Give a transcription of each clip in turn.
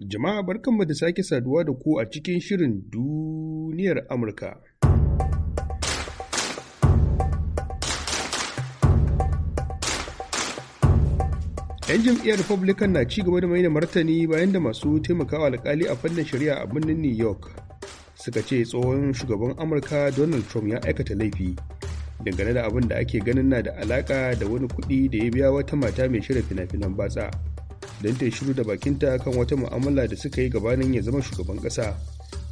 Jama'a barkanmu da sake saduwa da ku a cikin shirin duniyar Amurka. ‘Yan jam'iyyar Republican na ci gaba da maida martani bayan da masu taimakawa alkali a fannin shari'a a birnin New York suka ce tsohon shugaban Amurka Donald Trump ya aikata laifi dangane da abin da ake ganin na da alaka da wani kuɗi da ya biya wata mata mai shirin fina-finan batsa. don ta shiru da bakinta kan wata mu'amala da suka yi gabanin ya zama shugaban ƙasa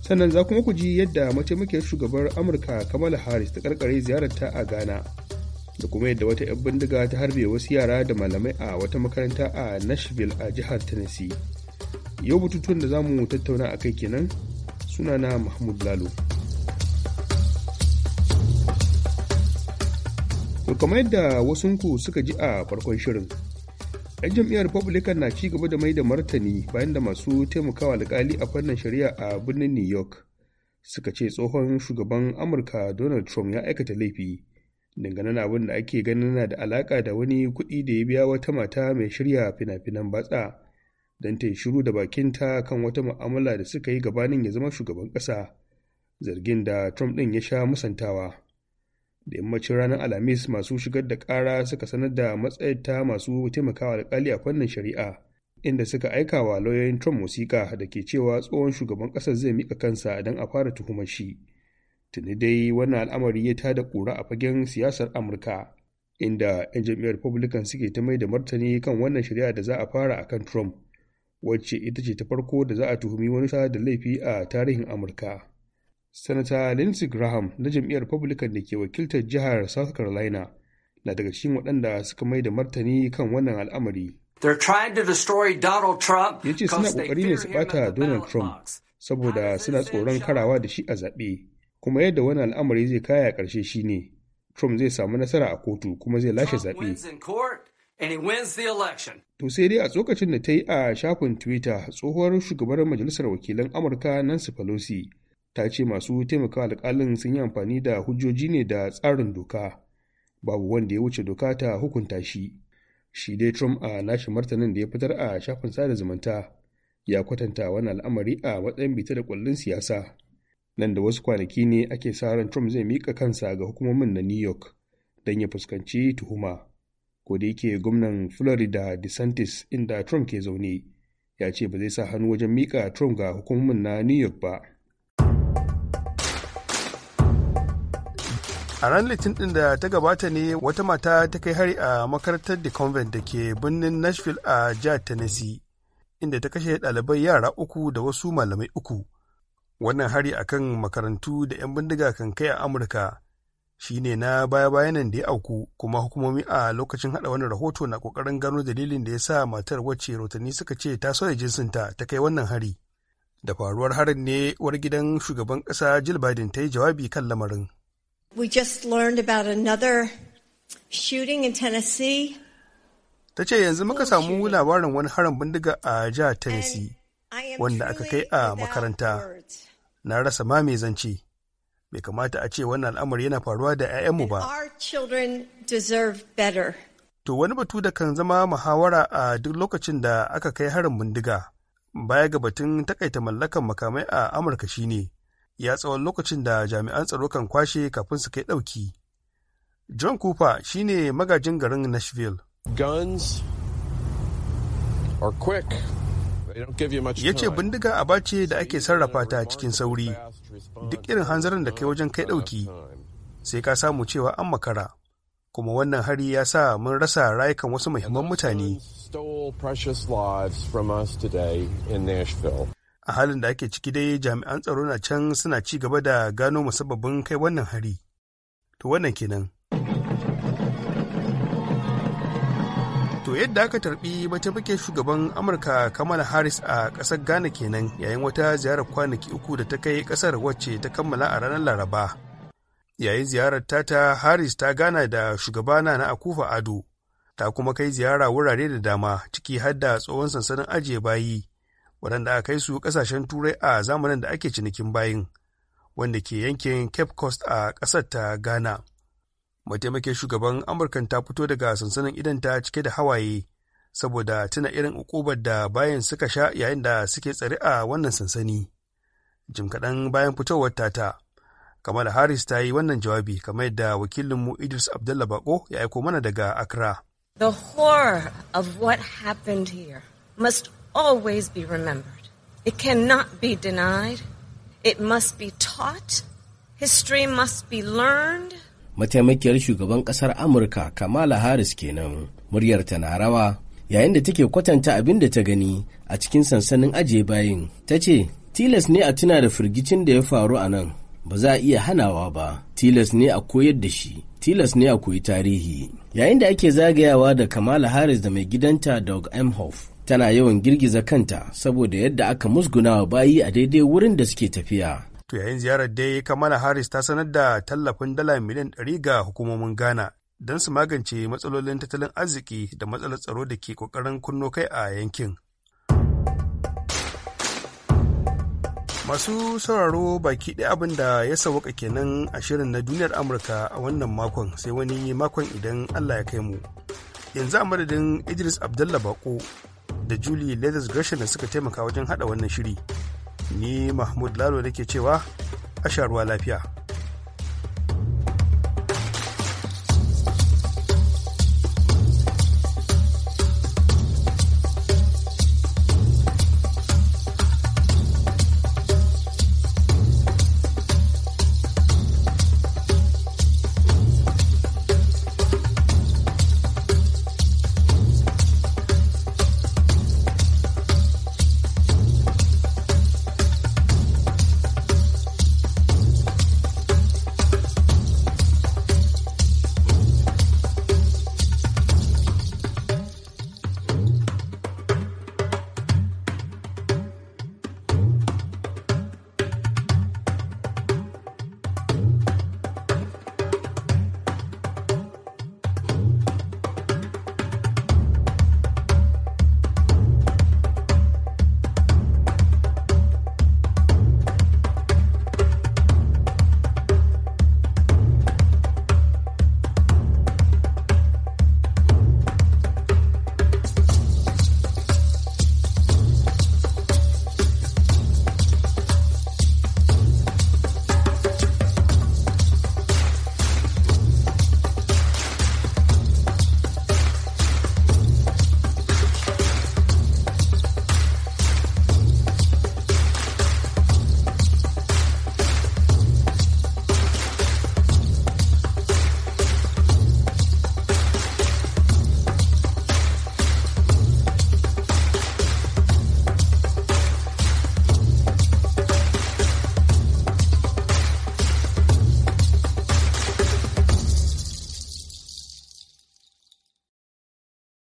sannan za kuma ku ji yadda mataimakiyar shugabar amurka kamala harris ta karkare ziyararta a ghana da kuma yadda wata 'yan bindiga ta harbe wasu yara da malamai a wata makaranta a nashville a jihar tennessee yau bututun da za mu tattauna a kai kenan sunana mahmud lalo Kuma yadda wasunku suka ji a farkon shirin 'yan jam'iyyar republican na ci gaba da mai da martani bayan da masu taimakawa alkali a fannin shari'a a birnin new york suka ce tsohon shugaban amurka donald trump ya aikata laifi dangane da abin da ake ganin na da alaka da wani kuɗi da ya biya wata mata mai shirya fina-finan batsa don ta yi shiru da bakinta kan wata mu'amala da suka yi gabanin ya zama shugaban ƙasa zargin da trump ɗin ya sha musantawa da yammacin ranar alhamis masu shigar da kara suka sanar da matsayar ta masu taimakawa alkali a fannin shari'a inda suka aika wa lauyoyin trump wasiƙa da ke cewa tsohon shugaban ƙasar zai mika kansa don a fara tuhumar shi tuni dai wannan al'amari ya tada ƙura a fagen siyasar amurka inda 'yan jam'iyyar republican suke ta mai da martani kan wannan shari'a da za a fara akan trump wacce ita ce ta farko da za a tuhumi wani da laifi a tarihin amurka Sanata Lindsey Graham na jam'iyyar Republican da ke wakiltar jihar South Carolina na daga cikin waɗanda suka mai da martani kan wannan al'amari. Ya ce suna ƙoƙari ne su ɓata Donald Trump saboda suna tsoron karawa da shi a zaɓe, kuma yadda wani al'amari zai kaya ƙarshe shi ne, Trump zai samu nasara a kotu kuma zai lashe zaɓe. To sai dai a tsokacin da ta yi a shafin Twitter tsohuwar shugabar majalisar wakilan Amurka Nancy Pelosi ta ce masu taimakawa alƙalin sun yi amfani da hujjoji ne da tsarin doka babu wanda ya wuce doka ta hukunta shi shi dai trump a nashi martanin da ya fitar a shafin sada zumunta ya kwatanta wani al'amari a matsayin bita da kullun siyasa nan da wasu kwanaki ne ake sa ran trump zai mika kansa ga hukumomin na new york don ya fuskanci tuhuma ko da yake gwamnan florida desantis inda trump ke zaune ya ce ba zai sa hannu wajen mika trump ga hukumomin na new york ba a ran litin din da ta gabata ne wata mata ta kai hari a makarantar the convent da ke birnin nashville a jihar tennessee inda ta kashe ɗalibai yara uku da wasu malamai uku wannan hari akan makarantu da 'yan bindiga kan kai a amurka shi ne na baya-bayan nan da ya auku kuma hukumomi a lokacin haɗa wani rahoto na kokarin gano dalilin da ya sa matar wacce rotanni suka ce ta sauya jinsinta ta kai wannan hari da faruwar harin ne uwar gidan shugaban ƙasa jill biden ta yi jawabi kan lamarin We just learned about another shooting in Tennessee. Ta ce yanzu muka samu labarin wani harin bindiga a jihar Tennessee wanda aka kai a makaranta. Na rasa ma mai zance. Bai kamata a ce wannan al'amari yana faruwa da 'ya'yanmu ba. To wani batu da kan zama muhawara a duk lokacin da aka kai harin bindiga baya ga batun takaita mallakan makamai a Amurka shine ya tsawon lokacin da jami'an tsaro kan kwashe kafin su kai ɗauki. John Cooper shi ne magajin garin Nashville. Guns are quick. ya ce bindiga aba ce da ake sarrafa ta cikin sauri duk irin hanzarin da kai wajen kai ɗauki sai ka samu cewa an makara kuma wannan hari ya sa mun rasa rayukan wasu muhimman mutane a halin da ake ciki dai jami'an tsaro na can suna ci gaba da gano musabbabin kai wannan hari to wannan kenan to yadda aka tarbi mataimakin shugaban amurka kamala harris a ƙasar ghana kenan yayin wata ziyarar kwanaki uku da ta kai ƙasar wacce ta kammala a ranar laraba yayin ziyarar ta harris ta gana da shugabana na akufa ado ta kuma kai ziyara wurare da dama ciki har da tsohon sansanin ajiye bayi waɗanda aka kai su ƙasashen turai a zamanin da ake cinikin bayin wanda ke yankin cape coast a ƙasar ta ghana mataimakin shugaban amurkan ta fito daga sansanin idanta cike da hawaye saboda tuna irin ukubar da bayan suka sha yayin da suke tsare a wannan sansani jim kaɗan bayan fitowar tata kamala harris ta yi wannan jawabi kamar yadda wakilinmu idris abdullah bako ya aiko mana daga accra the horror of what happened here must always be remembered. It cannot be denied. It must be taught. History must be learned. Mataimakiyar shugaban ƙasar Amurka Kamala Harris kenan muryarta na rawa yayin da take kwatanta abin da ta gani a cikin sansanin ajiye bayin ta ce tilas ne a tuna da firgicin da ya faru a nan ba za a iya hanawa ba tilas ne a koyar da shi tilas ne a koyi tarihi yayin da ake zagayawa da kamala harris da mai gidanta doug emhoff tana yawan girgiza kanta saboda yadda aka musguna wa bayi a daidai wurin da suke tafiya. To yayin ziyarar dai Kamala Harris ta sanar da tallafin dala miliyan ɗari ga hukumomin Ghana don su magance matsalolin tattalin arziki da matsalar tsaro da ke kokarin kunno kai a yankin. Masu sauraro baki ɗaya abin da ya sauka kenan a shirin na duniyar Amurka a wannan makon sai wani makon idan Allah ya kai mu. Yanzu a madadin Idris Abdullah Bako da Julie Leathers Gresham da suka taimaka wajen hada wannan shiri. Ni Mahmud Lalo nake cewa, a sha ruwa lafiya.